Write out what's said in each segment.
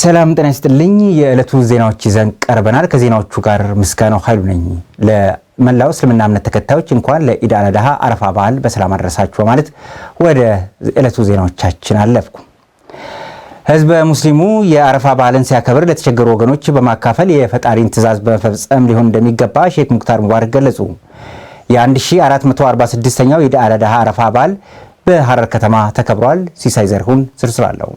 ሰላም ጤና ይስጥልኝ። የዕለቱ ዜናዎች ይዘን ቀርበናል። ከዜናዎቹ ጋር ምስጋናው ኃይሉ ነኝ። ለመላው እስልምና እምነት ተከታዮች እንኳን ለኢድ አል አድሃ አረፋ በዓል በሰላም አደረሳችሁ በማለት ወደ ዕለቱ ዜናዎቻችን አለፍኩ። ህዝበ ሙስሊሙ የአረፋ በዓልን ሲያከብር ለተቸገሩ ወገኖች በማካፈል የፈጣሪን ትዕዛዝ በመፈጸም ሊሆን እንደሚገባ ሼክ ሙክታር ሙባረክ ገለጹ። የ1446ኛው የኢድ አል አድሃ አረፋ በዓል በሐረር ከተማ ተከብሯል። ሲሳይ ዘርሁን ዝርዝር አለው።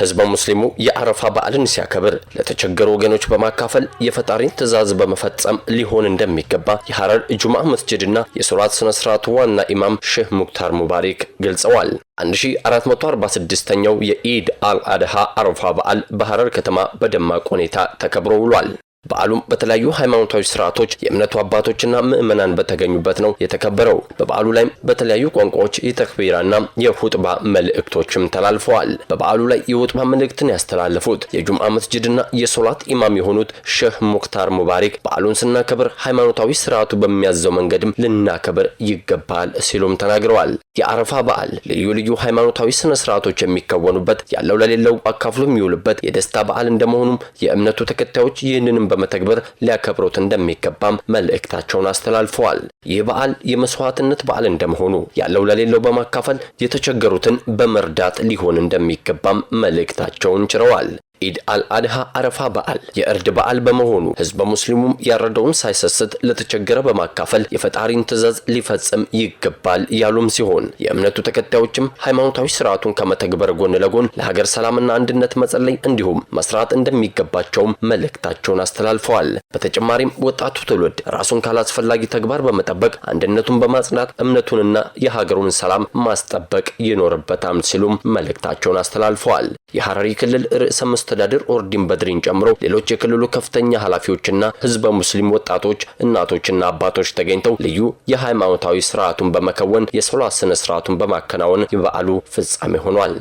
ህዝበ ሙስሊሙ የአረፋ በዓልን ሲያከብር ለተቸገሩ ወገኖች በማካፈል የፈጣሪን ትዕዛዝ በመፈጸም ሊሆን እንደሚገባ የሐረር ጁምዓ መስጅድና የሱራት ስነ ስርዓቱ ዋና ኢማም ሼህ ሙክታር ሙባሪክ ገልጸዋል። 1446ኛው የኢድ አልአድሃ አረፋ በዓል በሐረር ከተማ በደማቅ ሁኔታ ተከብሮ ውሏል። በዓሉም በተለያዩ ሃይማኖታዊ ስርዓቶች የእምነቱ አባቶችና ምዕመናን በተገኙበት ነው የተከበረው። በበዓሉ ላይም በተለያዩ ቋንቋዎች የተክቢራና የሁጥባ መልእክቶችም ተላልፈዋል። በበዓሉ ላይ የሁጥባ መልእክትን ያስተላለፉት የጁምዓ መስጅድና የሶላት ኢማም የሆኑት ሼህ ሙክታር ሙባሪክ በዓሉን ስናከብር ሃይማኖታዊ ስርዓቱ በሚያዘው መንገድም ልናከብር ይገባል ሲሉም ተናግረዋል። የአረፋ በዓል ልዩ ልዩ ሃይማኖታዊ ስነ ስርዓቶች የሚከወኑበት ያለው ለሌለው አካፍሎ የሚውልበት የደስታ በዓል እንደመሆኑም የእምነቱ ተከታዮች ይህንንም በመተግበር ሊያከብሩት እንደሚገባም መልእክታቸውን አስተላልፈዋል። ይህ በዓል የመስዋዕትነት በዓል እንደመሆኑ ያለው ለሌለው በማካፈል የተቸገሩትን በመርዳት ሊሆን እንደሚገባም መልእክታቸውን ችረዋል። ኢድ አልአድሃ አረፋ በዓል የእርድ በዓል በመሆኑ ህዝበ ሙስሊሙም ያረደውን ሳይሰስት ለተቸገረ በማካፈል የፈጣሪን ትእዛዝ ሊፈጽም ይገባል ያሉም ሲሆን የእምነቱ ተከታዮችም ሃይማኖታዊ ስርዓቱን ከመተግበር ጎን ለጎን ለሀገር ሰላምና አንድነት መጸለይ እንዲሁም መስራት እንደሚገባቸውም መልእክታቸውን አስተላልፈዋል። በተጨማሪም ወጣቱ ትውልድ ራሱን ካላስፈላጊ ተግባር በመጠበቅ አንድነቱን በማጽናት እምነቱንና የሀገሩን ሰላም ማስጠበቅ ይኖርበታል ሲሉም መልእክታቸውን አስተላልፈዋል። የሐረሪ ክልል ርዕሰ አስተዳደር ኦርዲን በድሪን ጨምሮ ሌሎች የክልሉ ከፍተኛ ኃላፊዎችና ህዝበ ሙስሊም ወጣቶች፣ እናቶችና አባቶች ተገኝተው ልዩ የሃይማኖታዊ ስርዓቱን በመከወን የሶላት ስነ ስርዓቱን በማከናወን የበዓሉ ፍጻሜ ሆኗል።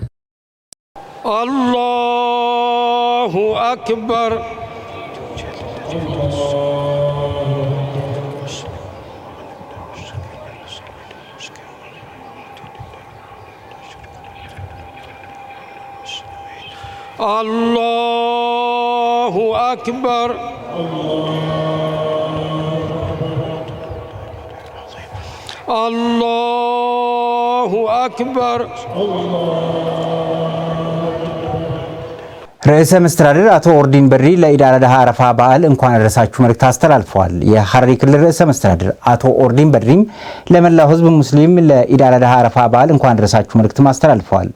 አላሁ አክበር Allahu Akbar. Allahu Akbar. ርዕሰ መስተዳድር አቶ ኦርዲን በድሪ ለኢድ አልአድሃ አረፋ በዓል እንኳን አደረሳችሁ መልእክት አስተላልፈዋል። የሐረሪ ክልል ርዕሰ መስተዳድር አቶ ኦርዲን በድሪም ለመላው ሕዝብ ሙስሊም ለኢድ አልአድሃ አረፋ በዓል እንኳን አደረሳችሁ መልእክትም አስተላልፈዋል።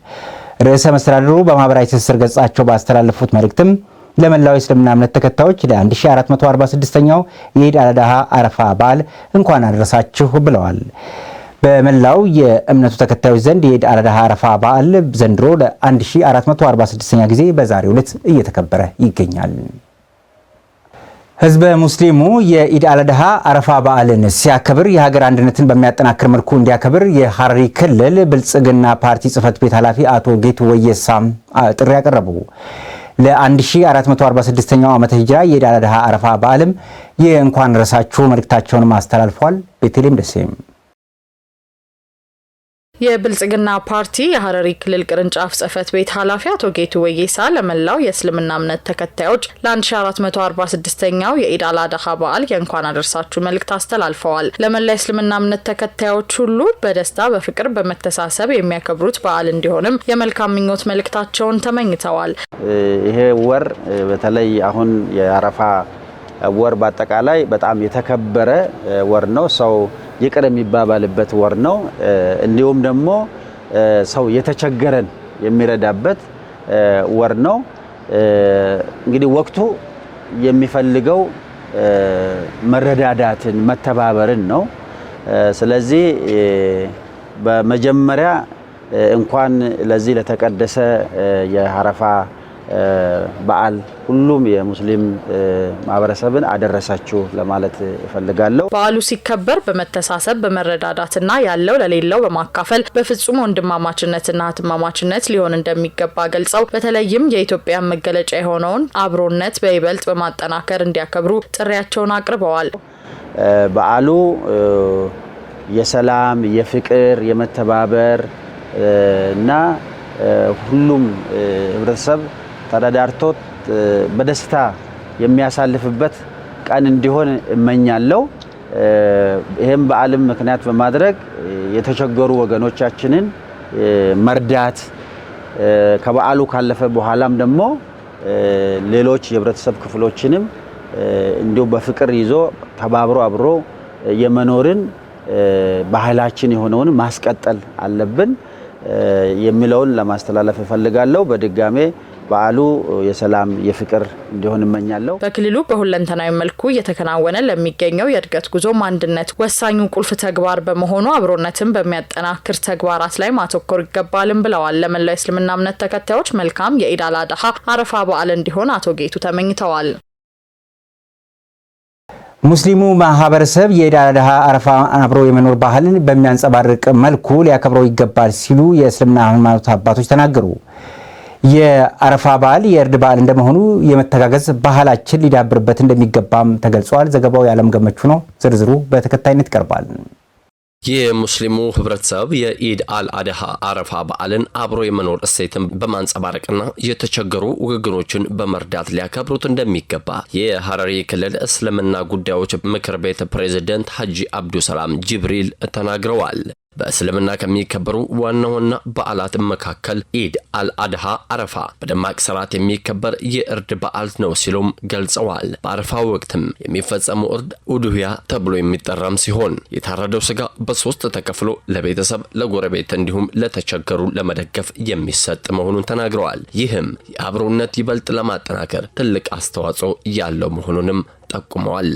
ርዕሰ መስተዳድሩ በማህበራዊ ትስስር ገጻቸው ባስተላለፉት መልእክትም ለመላው የእስልምና እምነት ተከታዮች ለ1446ኛው የኢድ አልአድሃ አረፋ በዓል እንኳን አደረሳችሁ ብለዋል። በመላው የእምነቱ ተከታዮች ዘንድ የኢድ አልአድሃ አረፋ በዓል ዘንድሮ ለ1446ኛ ጊዜ በዛሬው ዕለት እየተከበረ ይገኛል። ህዝበ ሙስሊሙ የኢድ አልአድሃ አረፋ በዓልን ሲያከብር የሀገር አንድነትን በሚያጠናክር መልኩ እንዲያከብር የሐረሪ ክልል ብልጽግና ፓርቲ ጽህፈት ቤት ኃላፊ አቶ ጌቱ ወየሳም ጥሪ ያቀረቡ። ለ1446ኛው ዓመተ ሂጅራ የኢድ አልአድሃ አረፋ በዓልም የእንኳን ረሳችሁ መልእክታቸውን አስተላልፏል። ቤተልሔም ደሴም የብልጽግና ፓርቲ የሀረሪ ክልል ቅርንጫፍ ጽህፈት ቤት ኃላፊ አቶ ጌቱ ወይሳ ለመላው የእስልምና እምነት ተከታዮች ለ1446ኛው የኢድ አል አድሃ በዓል የእንኳን አደርሳችሁ መልእክት አስተላልፈዋል። ለመላ የእስልምና እምነት ተከታዮች ሁሉ በደስታ በፍቅር፣ በመተሳሰብ የሚያከብሩት በዓል እንዲሆንም የመልካም ምኞት መልእክታቸውን ተመኝተዋል። ይሄ ወር በተለይ አሁን የአረፋ ወር በአጠቃላይ በጣም የተከበረ ወር ነው ሰው ይቅር የሚባባልበት ወር ነው። እንዲሁም ደግሞ ሰው የተቸገረን የሚረዳበት ወር ነው። እንግዲህ ወቅቱ የሚፈልገው መረዳዳትን፣ መተባበርን ነው። ስለዚህ በመጀመሪያ እንኳን ለዚህ ለተቀደሰ የአረፋ በዓል ሁሉም የሙስሊም ማህበረሰብን አደረሳችሁ ለማለት እፈልጋለሁ። በዓሉ ሲከበር በመተሳሰብ በመረዳዳትና ያለው ለሌለው በማካፈል በፍጹም ወንድማማችነትና እህትማማችነት ሊሆን እንደሚገባ ገልጸው በተለይም የኢትዮጵያን መገለጫ የሆነውን አብሮነት በይበልጥ በማጠናከር እንዲያከብሩ ጥሪያቸውን አቅርበዋል። በዓሉ የሰላም፣ የፍቅር፣ የመተባበር እና ሁሉም ህብረተሰብ ተረዳርቶት በደስታ የሚያሳልፍበት ቀን እንዲሆን እመኛለሁ። ይህም በዓልም ምክንያት በማድረግ የተቸገሩ ወገኖቻችንን መርዳት ከበዓሉ ካለፈ በኋላም ደግሞ ሌሎች የህብረተሰብ ክፍሎችንም እንዲሁ በፍቅር ይዞ ተባብሮ አብሮ የመኖርን ባህላችን የሆነውን ማስቀጠል አለብን የሚለውን ለማስተላለፍ እፈልጋለሁ። በድጋሜ በዓሉ የሰላም የፍቅር እንዲሆን እመኛለሁ። በክልሉ በሁለንተናዊ መልኩ እየተከናወነ ለሚገኘው የእድገት ጉዞም አንድነት ወሳኙ ቁልፍ ተግባር በመሆኑ አብሮነትን በሚያጠናክር ተግባራት ላይ ማተኮር ይገባልም ብለዋል። ለመላው የእስልምና እምነት ተከታዮች መልካም የኢድ አል አድሃ አረፋ በዓል እንዲሆን አቶ ጌቱ ተመኝተዋል። ሙስሊሙ ማህበረሰብ የኢድ አል አድሃ አረፋ አብሮ የመኖር ባህልን በሚያንጸባርቅ መልኩ ሊያከብረው ይገባል ሲሉ የእስልምና ሃይማኖት አባቶች ተናገሩ። የአረፋ በዓል የእርድ በዓል እንደመሆኑ የመተጋገዝ ባህላችን ሊዳብርበት እንደሚገባም ተገልጿል። ዘገባው የዓለም ገመቹ ነው። ዝርዝሩ በተከታይነት ይቀርባል። የሙስሊሙ ህብረተሰብ የኢድ አልአድሃ አረፋ በዓልን አብሮ የመኖር እሴትን በማንጸባረቅና የተቸገሩ ወገኖችን በመርዳት ሊያከብሩት እንደሚገባ የሐረሪ ክልል እስልምና ጉዳዮች ምክር ቤት ፕሬዝደንት ሐጂ አብዱሰላም ጅብሪል ተናግረዋል። በእስልምና ከሚከበሩ ዋና ዋና በዓላት መካከል ኢድ አልአድሃ አረፋ በደማቅ ስርዓት የሚከበር የእርድ በዓል ነው ሲሉም ገልጸዋል። በአረፋ ወቅትም የሚፈጸሙ እርድ ኡዱያ ተብሎ የሚጠራም ሲሆን የታረደው ስጋ በሶስት ተከፍሎ ለቤተሰብ፣ ለጎረቤት እንዲሁም ለተቸገሩ ለመደገፍ የሚሰጥ መሆኑን ተናግረዋል። ይህም የአብሮነት ይበልጥ ለማጠናከር ትልቅ አስተዋጽኦ ያለው መሆኑንም ጠቁመዋል።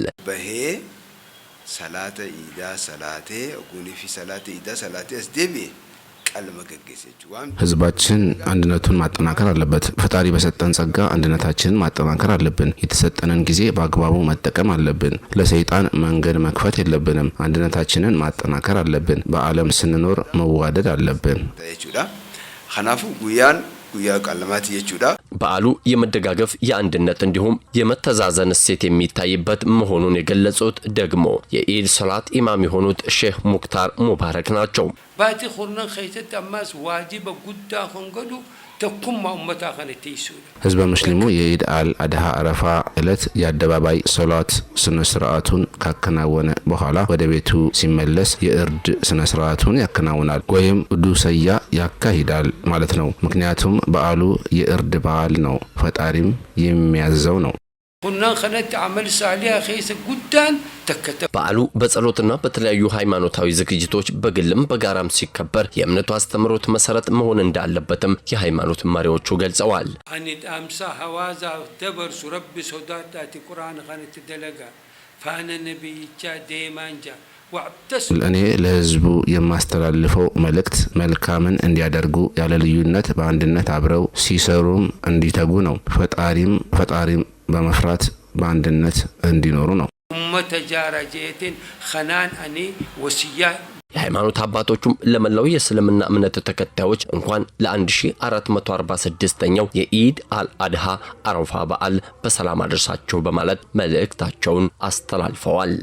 salaata iidaa salaatee oguunii fi salaata iidaa salaatee as ህዝባችን አንድነቱን ማጠናከር አለበት። ፈጣሪ በሰጠን ጸጋ አንድነታችንን ማጠናከር አለብን። የተሰጠንን ጊዜ በአግባቡ መጠቀም አለብን። ለሰይጣን መንገድ መክፈት የለብንም። አንድነታችንን ማጠናከር አለብን። በዓለም ስንኖር መዋደድ አለብን። ከናፉ ጉያን guyyaa qaalamat የችዳ በዓሉ የመደጋገፍ የአንድነት እንዲሁም የመተዛዘን እሴት የሚታይበት መሆኑን የገለጹት ደግሞ የኢድ ሰላት ኢማም የሆኑት ሼህ ሙክታር ሙባረክ ናቸው። ባቲ ሁርነ ኸይተት አማስ ዋጂበ ጉዳ ህዝበ ሙስሊሙ የኢድ አል አድሃ አረፋ ዕለት የአደባባይ ሶላት ስነ ስርዓቱን ካከናወነ በኋላ ወደ ቤቱ ሲመለስ የእርድ ስነ ስርዓቱን ያከናውናል ወይም ዱሰያ ያካሂዳል ማለት ነው። ምክንያቱም በዓሉ የእርድ በዓል ነው፣ ፈጣሪም የሚያዘው ነው። በዓሉ በጸሎትና በተለያዩ ሃይማኖታዊ ዝግጅቶች በግልም በጋራም ሲከበር የእምነቱ አስተምሮት መሰረት መሆን እንዳለበትም የሃይማኖት መሪዎቹ ገልጸዋል። እኔ ለህዝቡ የማስተላልፈው መልእክት መልካምን እንዲያደርጉ ያለ ልዩነት በአንድነት አብረው ሲሰሩም እንዲተጉ ነው። ፈጣሪም ፈጣሪም በመፍራት በአንድነት እንዲኖሩ ነው። ኡመተ ጃራጀትን ከናን አኒ ወስያ የሃይማኖት አባቶቹም ለመላው የእስልምና እምነት ተከታዮች እንኳን ለ1446ኛው የኢድ አልአድሃ አረፋ በዓል በሰላም አደርሳቸው በማለት መልእክታቸውን አስተላልፈዋል።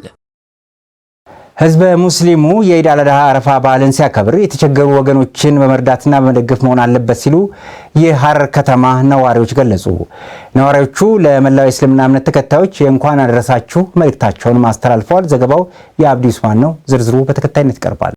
ህዝበ ሙስሊሙ የኢድ አልአድሃ አረፋ በዓልን ሲያከብር የተቸገሩ ወገኖችን በመርዳትና በመደገፍ መሆን አለበት ሲሉ የሐረር ከተማ ነዋሪዎች ገለጹ። ነዋሪዎቹ ለመላው የእስልምና እምነት ተከታዮች የእንኳን አደረሳችሁ መልእክታቸውን ማስተላልፈዋል። ዘገባው የአብዲ ኡስማን ነው። ዝርዝሩ በተከታይነት ይቀርባል።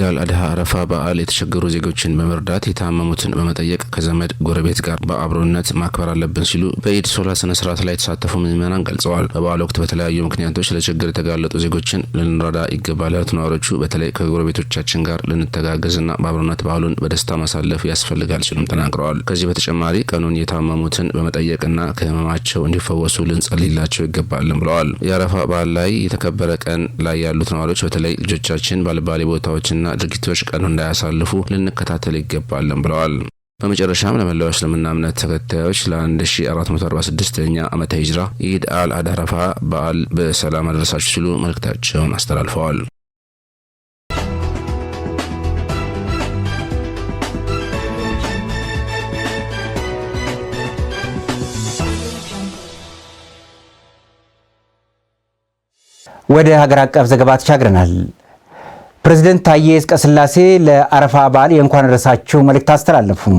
የኢዳል አድሃ አረፋ በዓል የተቸገሩ ዜጎችን በመርዳት የታመሙትን በመጠየቅ ከዘመድ ጎረቤት ጋር በአብሮነት ማክበር አለብን ሲሉ በኢድ ሶላ ስነ ስርዓት ላይ የተሳተፉ ምዕመናን ገልጸዋል። በበዓል ወቅት በተለያዩ ምክንያቶች ለችግር የተጋለጡ ዜጎችን ልንረዳ ይገባል ያሉት ነዋሪዎቹ በተለይ ከጎረቤቶቻችን ጋር ልንተጋገዝና በአብሮነት ባህሉን በደስታ ማሳለፍ ያስፈልጋል ሲሉም ተናግረዋል። ከዚህ በተጨማሪ ቀኑን የታመሙትን በመጠየቅና ከህመማቸው እንዲፈወሱ ልንጸልይላቸው ይገባልን ብለዋል። የአረፋ በዓል ላይ የተከበረ ቀን ላይ ያሉት ነዋሪዎች በተለይ ልጆቻችን ባልባሌ ቦታዎችና ድርጊቶች ቀኑ እንዳያሳልፉ ልንከታተል ይገባልን ብለዋል። በመጨረሻም ለመላው እስልምና እምነት ተከታዮች ለ1446ኛ ዓመተ ሂጅራ ኢድ አል አዳረፋ በዓል በሰላም አደረሳችሁ ሲሉ መልእክታቸውን አስተላልፈዋል። ወደ ሀገር አቀፍ ዘገባ ተሻግረናል። ፕሬዚደንት ታዬ አጽቀሥላሴ ለአረፋ በዓል የእንኳን ደረሳችሁ መልእክት አስተላለፉም።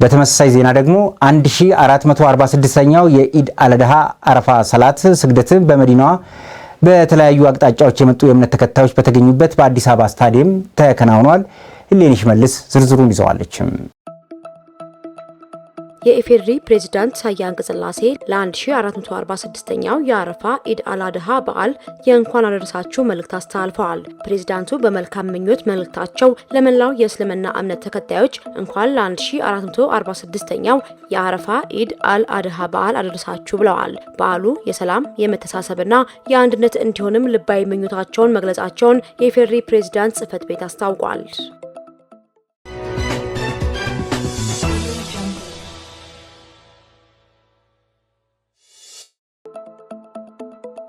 በተመሳሳይ ዜና ደግሞ 1446ኛው የኢድ አለድሃ አረፋ ሰላት ስግደት በመዲናዋ በተለያዩ አቅጣጫዎች የመጡ የእምነት ተከታዮች በተገኙበት በአዲስ አበባ ስታዲየም ተከናውኗል። ህሌን መልስ ዝርዝሩን ይዘዋለችም። የኢፌዴሪ ፕሬዚዳንት ሳያን ቅጽላሴ ለ1446ኛው የአረፋ ኢድ አላድሃ በዓል የእንኳን አደረሳችሁ መልእክት አስተላልፈዋል። ፕሬዚዳንቱ በመልካም ምኞት መልእክታቸው ለመላው የእስልምና እምነት ተከታዮች እንኳን ለ1446ኛው የአረፋ ኢድ አልአድሃ በዓል አደረሳችሁ ብለዋል። በዓሉ የሰላም የመተሳሰብና የአንድነት እንዲሆንም ልባዊ ምኞታቸውን መግለጻቸውን የኢፌዴሪ ፕሬዚዳንት ጽህፈት ቤት አስታውቋል።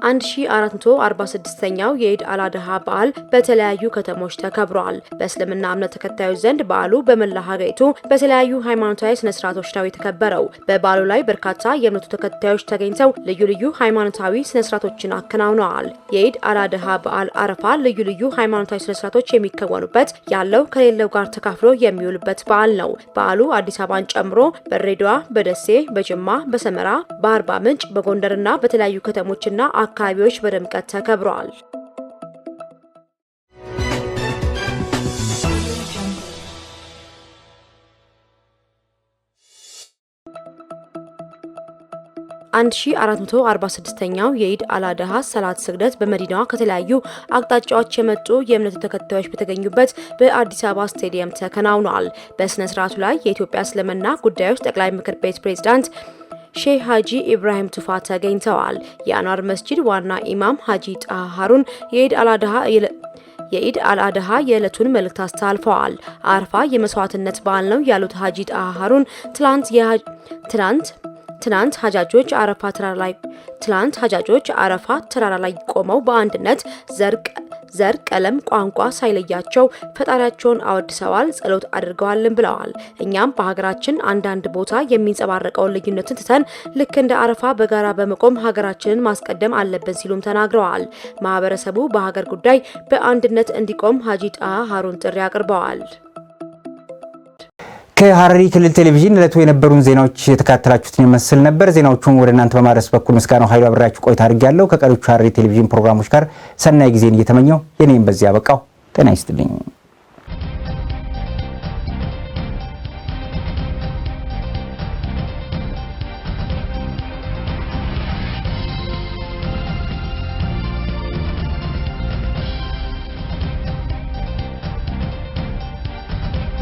1446ኛው የኢድ አላድሃ በዓል በተለያዩ ከተሞች ተከብሯል። በእስልምና እምነት ተከታዮች ዘንድ በዓሉ በመላ ሀገሪቱ በተለያዩ ሃይማኖታዊ ስነስርዓቶች ነው የተከበረው። በበዓሉ ላይ በርካታ የእምነቱ ተከታዮች ተገኝተው ልዩ ልዩ ሃይማኖታዊ ስነስርዓቶችን አከናውነዋል። የኢድ አላድሃ በዓል አረፋ ልዩ ልዩ ሃይማኖታዊ ስነስርዓቶች የሚከወኑበት ያለው ከሌለው ጋር ተካፍሎ የሚውልበት በዓል ነው። በዓሉ አዲስ አበባን ጨምሮ በድሬዳዋ፣ በደሴ፣ በጅማ፣ በሰመራ፣ በአርባ ምንጭ፣ በጎንደርና በተለያዩ ከተሞችና አካባቢዎች በድምቀት ተከብረዋል። አንድ ሺ አርባ ኛው የኢድ አላደሃ ሰላት ስግደት በመዲናዋ ከተለያዩ አቅጣጫዎች የመጡ የእምነቱ ተከታዮች በተገኙበት በአዲስ አበባ ስቴዲየም ተከናውኗል። በስነ ስርዓቱ ላይ የኢትዮጵያ እስልምና ጉዳዮች ጠቅላይ ምክር ቤት ፕሬዝዳንት ሼህ ሀጂ ኢብራሂም ቱፋ ተገኝተዋል። የአኗር መስጂድ ዋና ኢማም ሀጂ ጣሃ ሀሩን የኢድ አላድሃ የኢድ አልአድሃ የዕለቱን መልእክት አስተላልፈዋል። አርፋ የመስዋዕትነት በዓል ነው ያሉት ሀጂ ጣሃ ሀሩን ትላንት ትናንት ትናንት ሀጃጆች አረፋ ተራራ ላይ ትላንት ሀጃጆች አረፋ ተራራ ላይ ቆመው በአንድነት ዘርቅ ዘር፣ ቀለም፣ ቋንቋ ሳይለያቸው ፈጣሪያቸውን አወድሰዋል፣ ጸሎት አድርገዋልን ብለዋል። እኛም በሀገራችን አንዳንድ ቦታ የሚንጸባረቀውን ልዩነትን ትተን ልክ እንደ አረፋ በጋራ በመቆም ሀገራችንን ማስቀደም አለብን ሲሉም ተናግረዋል። ማህበረሰቡ በሀገር ጉዳይ በአንድነት እንዲቆም ሀጂ ጣሃ ሀሩን ጥሪ አቅርበዋል። ከሐረሪ ክልል ቴሌቪዥን ዕለቱ የነበሩን ዜናዎች የተካተላችሁትን ይመስል ነበር። ዜናዎቹን ወደ እናንተ በማድረስ በኩል ምስጋናው ኃይሉ አብሬያችሁ ቆይታ አድርጌያለሁ። ከቀሪዎቹ ሐረሪ ቴሌቪዥን ፕሮግራሞች ጋር ሰናይ ጊዜን እየተመኘው የኔም በዚህ አበቃው። ጤና ይስጥልኝ።